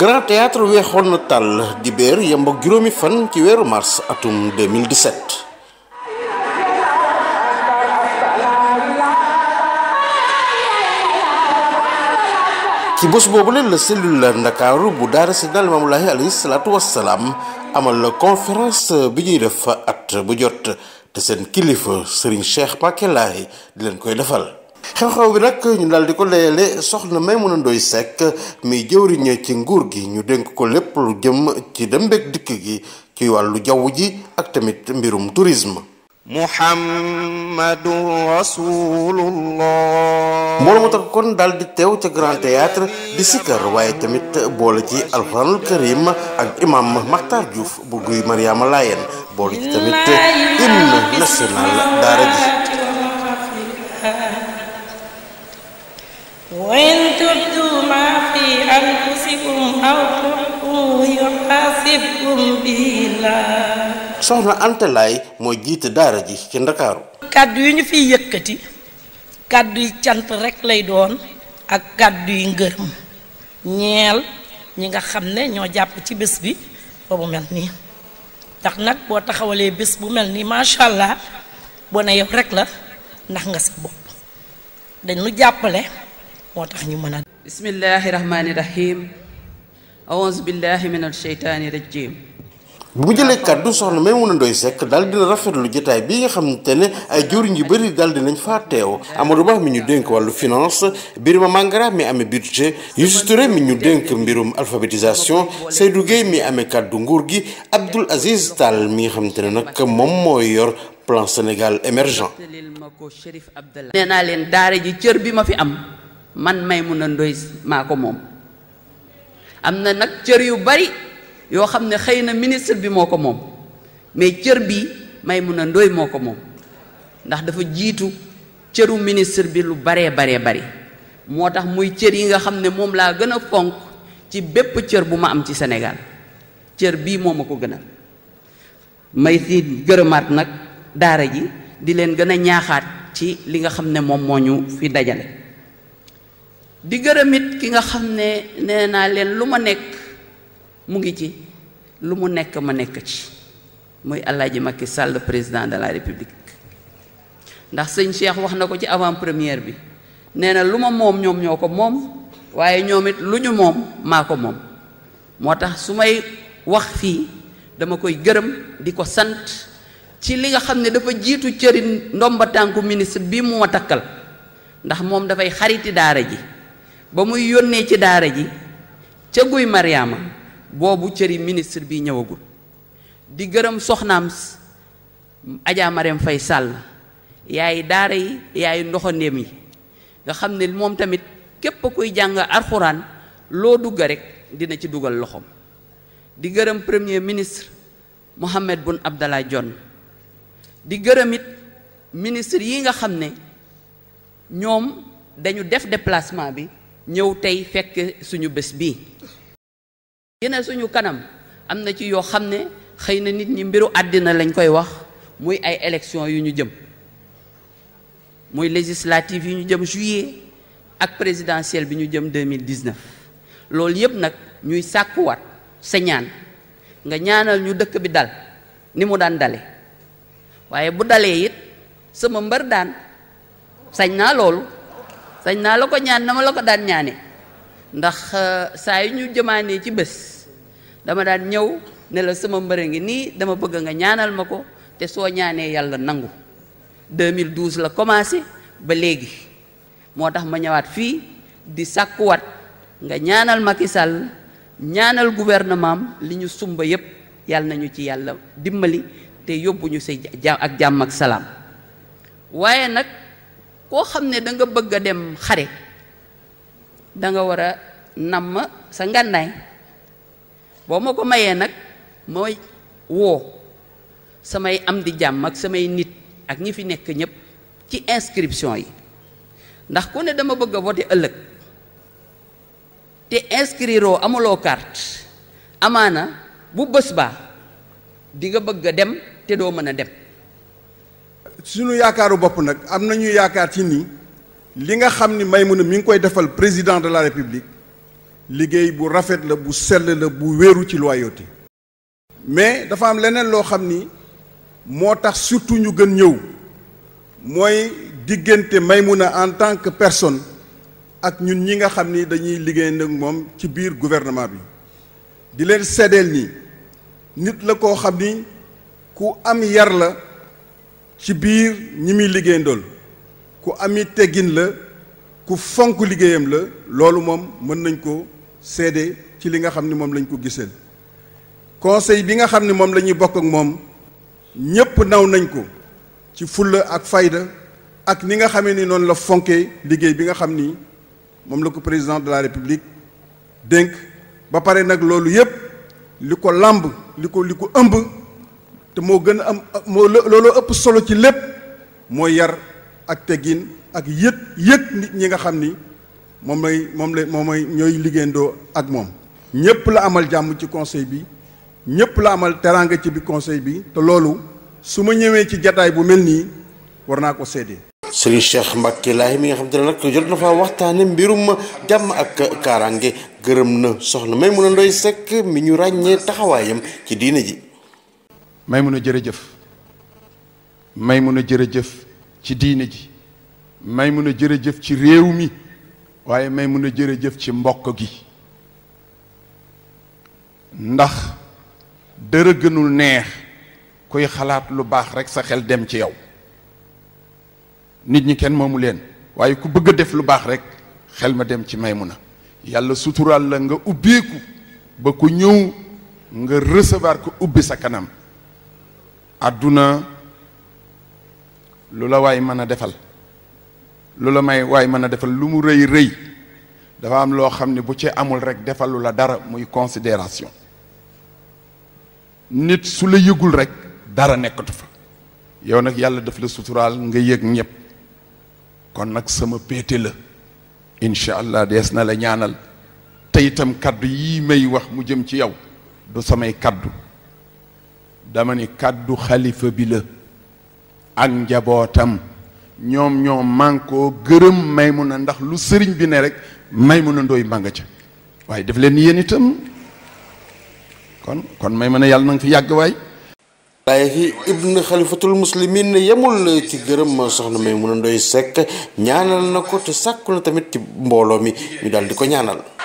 grand théâtre weexoon na tàll di béer yemb ak juróomi fan ci weeru mars atum 2017 ci bés boobu le la cellule la ndakaaru bu daara sidna alayhi salaatu wassalaam amal conférence bi ñuy def at bu jot te sen kilifa Serigne Cheikh Mbacké di len koy defal. xew-xew bi nak ñu dal di ko leele soxna mëna ndoy sek mi ñe ci nguur gi ñu denk ko lepp lu jëm ci dembek dikk gi ci walu jaww ji ak tamit mbirum tourisme. muhammadu rasulullah mbolo mu kon dal di tew ci grand théâtre di sikar waye tamit boole ci alxuraanul karim ak imam Makhtar Diouf bu guy Mariama layene bool ci tamit hymne national la daara ji وإن تبدوا ما في أنفسكم أو تخفوه يحاسبكم soxna Anta Laye mooy jiite ci Ndakaaru. kàddu yi ñu fiy yëkkati yi rek lay doon ak yi ñeel ñi nga ci bi mel ndax nag boo taxawalee bés bu mel ni macha allah boo ne yow rek la ndax nga sa bopp dañ lu jàppale moo tax ñu mën a bismillahi rahmaani rahim aouzu billahi min alsheytaani rajim bu jëlé kàddu soxna même wona ndoy sek dal dina rafetlu jotaay bi nga xamante ne ay jëwriñ yu bari dal dinañ fa téw Amadou Ba mi ñu dénk walu finance Birima Mangara mi amé budget Youssou mi ñu dénk mbirum alphabétisation Seydou gay mi amé kàddu nguur gi Abdoul Aziz tal mi nga xamante ne nag moom yor plan Sénégal émergent nee naa leen daara ji cër bi ma fi am man may mu na ndoy mako mom amna nak cër yu bari yoo xam ne xëy na ministre bi moo ko moom mais cër bi Maimouna Ndoye moo ko moom ndax dafa jiitu cëru ministre bi lu baree baree bari moo tax muy cër yi nga xam ne moom laa gën a fonk ci bépp cër bu ma am ci senegal cër bii moom ma ko gën a may si gërëmaat nag daara ji di leen gën a ñaaxaat ci li nga xam ne moom moo ñu fi dajale di gërëmit ki nga xam ne nee naa leen lu ma nekk mu ngi ci lu mu nekk ma nekk ci muy Alaaji Macky Sall président de la république ndax sëñ Cheikh wax na ko ci avant première bi nee na lu ma moom ñoom ñoo ko moom waaye ñoom it lu ñu moom maa ko moom moo tax su may wax fii dama koy gërëm di ko sant ci li nga xam ne dafa jiitu cëri ndomba tànku ministre bi mu ma takkal ndax moom dafay xariti daara ji ba muy yónnee ci daara ji ca guy Mariama bobu ceri ministre bi ñewagul di gërëm soxnam Adja Marème fay Sall yaay daara yi yaay ndoxonem yi nga xamne mom tamit kep koy jang alquran lo dugg rek dina ci duggal loxom di gërëm premier ministre mohammed bun Abdallah jon di gërëm it ministre yi nga xamne ñom dañu def déplacement bi ñew tay fekk suñu bés bi yéen suñu kanam am na ci yoo xam ne xëy na nit ñi mbiru àddina lañ koy wax muy ay élection yu ñu jëm muy législative yu ñu jëm juillet ak présidentielle bi ñu jëm 2019 loolu yëpp nag ñuy sàkkuwaat sa ñaan nga ñaanal ñu dëkk bi dal ni mu daan dale waaye bu dalee it sama mbër daan sañ naa loolu sañ naa la ko ñaan na ma la ko daan ñaane ndax euh, saa yu ñu jëmaanee ci bés dama daan ñëw ne la sama mbër ngi nii dama bëgg nga ñaanal ma ko te soo ñaanee yàlla nangu 2012 la commencé ba léegi moo tax ma ñëwaat fi di sàkkuwaat nga ñaanal Macky Sall ñaanal gouvernement am li ñu sumba yépp yàlla nañu ci yàlla dimbali te yóbbuñu sa ak jàmm ak salam waaye nak ko xamne da nga bëgg dem xaré da nga wara nam sa ngànnaay boo ma ko mayee nag semai woo samay am di jam ak samay nit ak ñi fi nek ñep ci inscription yi ndax ku ne dama bëgg voter ëlëk té inscriro amulo carte amana bu bés ba di nga bëgg dem té do mëna dem. suñu yaakaaru bop nak amna ñu yaakaar ci ni li nga xamni maymuna mi ngi koy defal président de la république. liggéey bu rafet la bu sell bu wéeru ci loyauté mais dafa am leneen loo xam ni moo tax surtout ñu gën ñëw mooy diggante may Maymuna en tant que personne ak ñun ñi nga xam ni dañuy liggéey nag moom ci biir gouvernement bi di leen seddeel nii nit la koo xam ni ku am yar la ci biir ñi muy liggéeyandool ku ami teggin la ku fonk liggéeyam la loolu moom mën nañ ko seede ci li nga xam ni moom lañ ko giseel conseil bi nga xam ni moom la ñuy bokk ak moom ñépp naw nañ ko ci fulla ak fayda ak ni nga xamee ni noonu la fonkee liggéey bi nga xam ni moom la ko président de la république dénk ba pare nag loolu yépp li ko làmb li ko li ko ëmb te moo gën a am moo looloo ëpp solo ci lépp mooy yar ak teggin ak yët yëg nit ñi nga xam ni moom lay moom lay moom mooy ñooy liggéeyandoo ak moom ñëpp la amal jàmm ci conseil bi ñëpp la amal teraanga ci bi conseil bi te loolu su ma ñëwee ci jataay bu mel nii war naa ko seede. Serigne Cheikh Mbacké Lahi mi nga xam te ne nag jot na faa waxtaane mbirum jàmm ak kaaraange gërëm na soxna Maimouna Ndoye Seck mi ñu ràññee taxawaayam ci diine ji. Maimouna jërëjëf Maimouna jërëjëf ci diine ji Maimouna jërëjëf ci réew mi. waaye may mun a jëf ci mbokk gi ndax dara gënul neex kuy xalaat lu baax rek sa xel dem ci yow nit ñi kenn moomu leen waaye ku bëgg a def lu baax rek xel ma dem ci may mun a yàlla suturaal la nga ubbeeku ba ku ñëw nga recevoir ko ubbi sa kanam àdduna lu la waay mën a defal lu la may waaye mën a defal lu mu rëy rëy dafa am loo xam ne bu ci amul rek defalu la dara muy considération nit su la yëgul rek dara nekkatu fa yow nag yàlla daf la suturaal nga yëg ñëpp kon nag sama péete la incha allah dees na la ñaanal te itam kàddu yii may wax mu jëm ci yow du samay kàddu dama ni kaddu xalifa bi la ak njabootam ñoom ñoo mànkoo gërëm may Maymuna ndax lu sëriñ bi ne rek Maymuna ndoy mbànga ca waaye def leen yéen itam kon kon may Maymuna yàlla na nga fi yàgg waay waaye fi ibn xalifatul muslimin yemul ci gërëm soxna Maymuna ndoy Seck ñaanal na ko te sàkku na tamit ci mbooloo mi ñu dal di ko ñaanal